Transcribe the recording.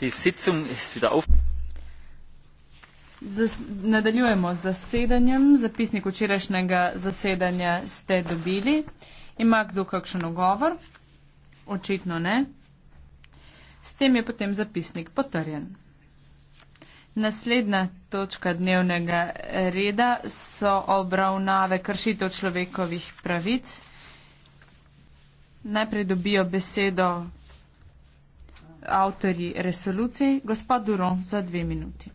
Die Sitzung ist wieder auf. Zas, nadaljujemo z zasedanjem. Zapisnik včerajšnjega zasedanja ste dobili. Ima kdo kakšen ogovor? Očitno ne. S tem je potem zapisnik potrjen. Naslednja točka dnevnega reda so obravnave kršitev človekovih pravic. Najprej dobijo besedo avtori resolucij. Gospod Duro, za dve minuti.